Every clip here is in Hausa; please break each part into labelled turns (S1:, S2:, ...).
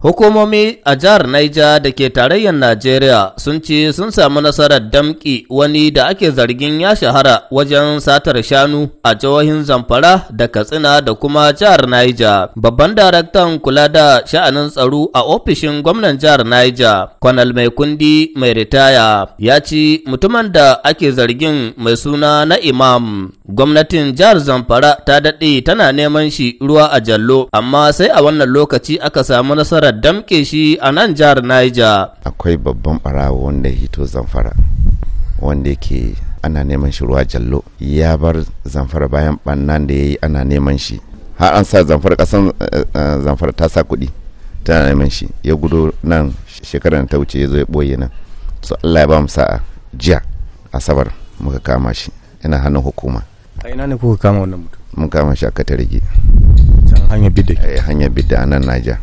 S1: Hukumomi a jihar Naija da ke tarayyar Najeriya sun ce sun samu nasarar damƙi wani da ake zargin ya shahara wajen satar shanu a jihohin Zamfara da Katsina da kuma jihar Naija. Babban daraktan kula da sha'anin tsaro a ofishin gwamnan jihar Naija, Kwanal Mai Kundi Mai Ritaya, ya ci mutumin da ake zargin mai suna na Imam. Gwamnatin jihar Zamfara ta daɗe tana neman shi ruwa a jallo, amma sai a wannan lokaci aka samu nasarar da damƙe shi a nan jihar Niger.
S2: Akwai babban barawo wanda hito zamfara wanda yake ana neman shi ruwa jallo ya bar zamfara bayan bannan da ya yi ana neman shi har an sa zamfara kasan eh, eh, zamfara ta sa kuɗi ta neman shi ya gudo nan shekarar ta wuce ya zo ya ɓoye nan so Allah ya ba mu sa'a jiya asabar muka kama shi Ina hannun hukuma a ina ne kuka kama wannan mutum mun kama shi a katarge can hanyar bidda eh, hanyar bidda a nan naija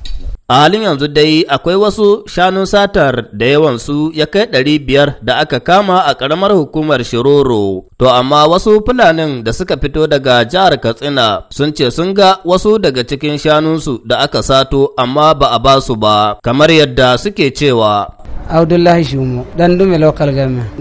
S1: A halin yanzu dai akwai wasu shanun satar da yawansu ya kai ɗari biyar da aka kama a ƙaramar hukumar Shiroro, to amma wasu fulanin da suka fito daga jihar Katsina sun ce sun ga wasu daga cikin shanunsu da aka sato amma ba a basu ba, kamar yadda suke cewa.
S3: Abdullahi Shumo, dan dume local government,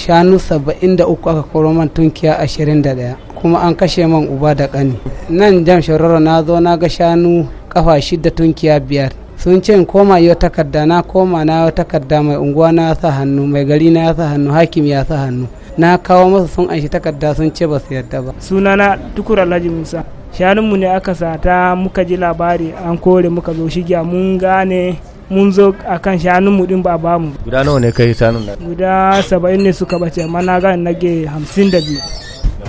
S3: shanu saba'in da uku aka koro man tunkiya ashirin da daya. kuma an kashe man uba da ƙani nan jam shororo na zo na ga shanu kafa shida tunkiya biyar sun ce koma yau takarda na koma na yau takarda mai unguwa na sa hannu mai gari na
S4: ya sa hannu hakim ya sa hannu na kawo masa sun anshi takarda sun ce ba su yarda ba sunana tukur alhaji musa shanunmu ne aka sata muka ji labari an kore muka zo shigiya mun gane mun zo a kan mu din ba mu.
S1: guda nawa ne kai shanun
S4: guda saba'in ne suka bace amma na gane nage hamsin da biyu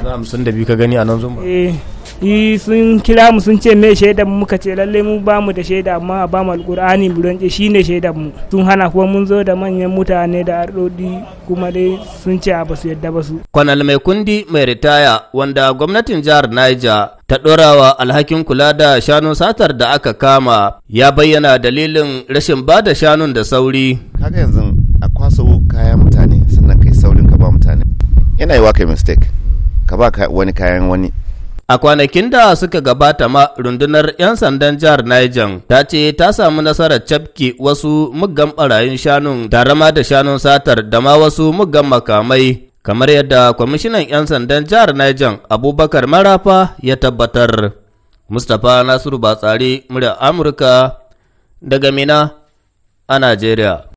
S1: za hamsin da biyu ka gani a nan zumba
S4: eh sun kira mu sun ce me shaidan mu muka ce lalle mu ba mu da shaida amma a ba mu alqur'ani mu shi shine shaidan mu sun hana kuma mun zo da manyan mutane da ardodi kuma dai sun ce a ba su yadda ba su
S1: kwanal mai kundi mai ritaya wanda gwamnatin jihar Niger ta dorawa alhakin kula da shanun satar da aka kama ya bayyana dalilin rashin ba da shanun da sauri.
S2: Kaga yanzu a kwaso kayan
S1: mutane sannan kai saurin ka ba mutane.
S2: Yana yi wa kai mistake. ka ba wani kayan wani
S1: A kwanakin da suka gabata ma rundunar 'yan sandan jihar Niger ta ce ta samu nasarar cafke wasu muggan barayin shanun Darama rama da shanun satar da ma wasu muggan makamai kamar yadda kwamishinan 'yan sandan jihar Niger Abubakar Marafa ya tabbatar. Mustapha Nasiru Batsari murya Amurka daga Mina a Najeriya.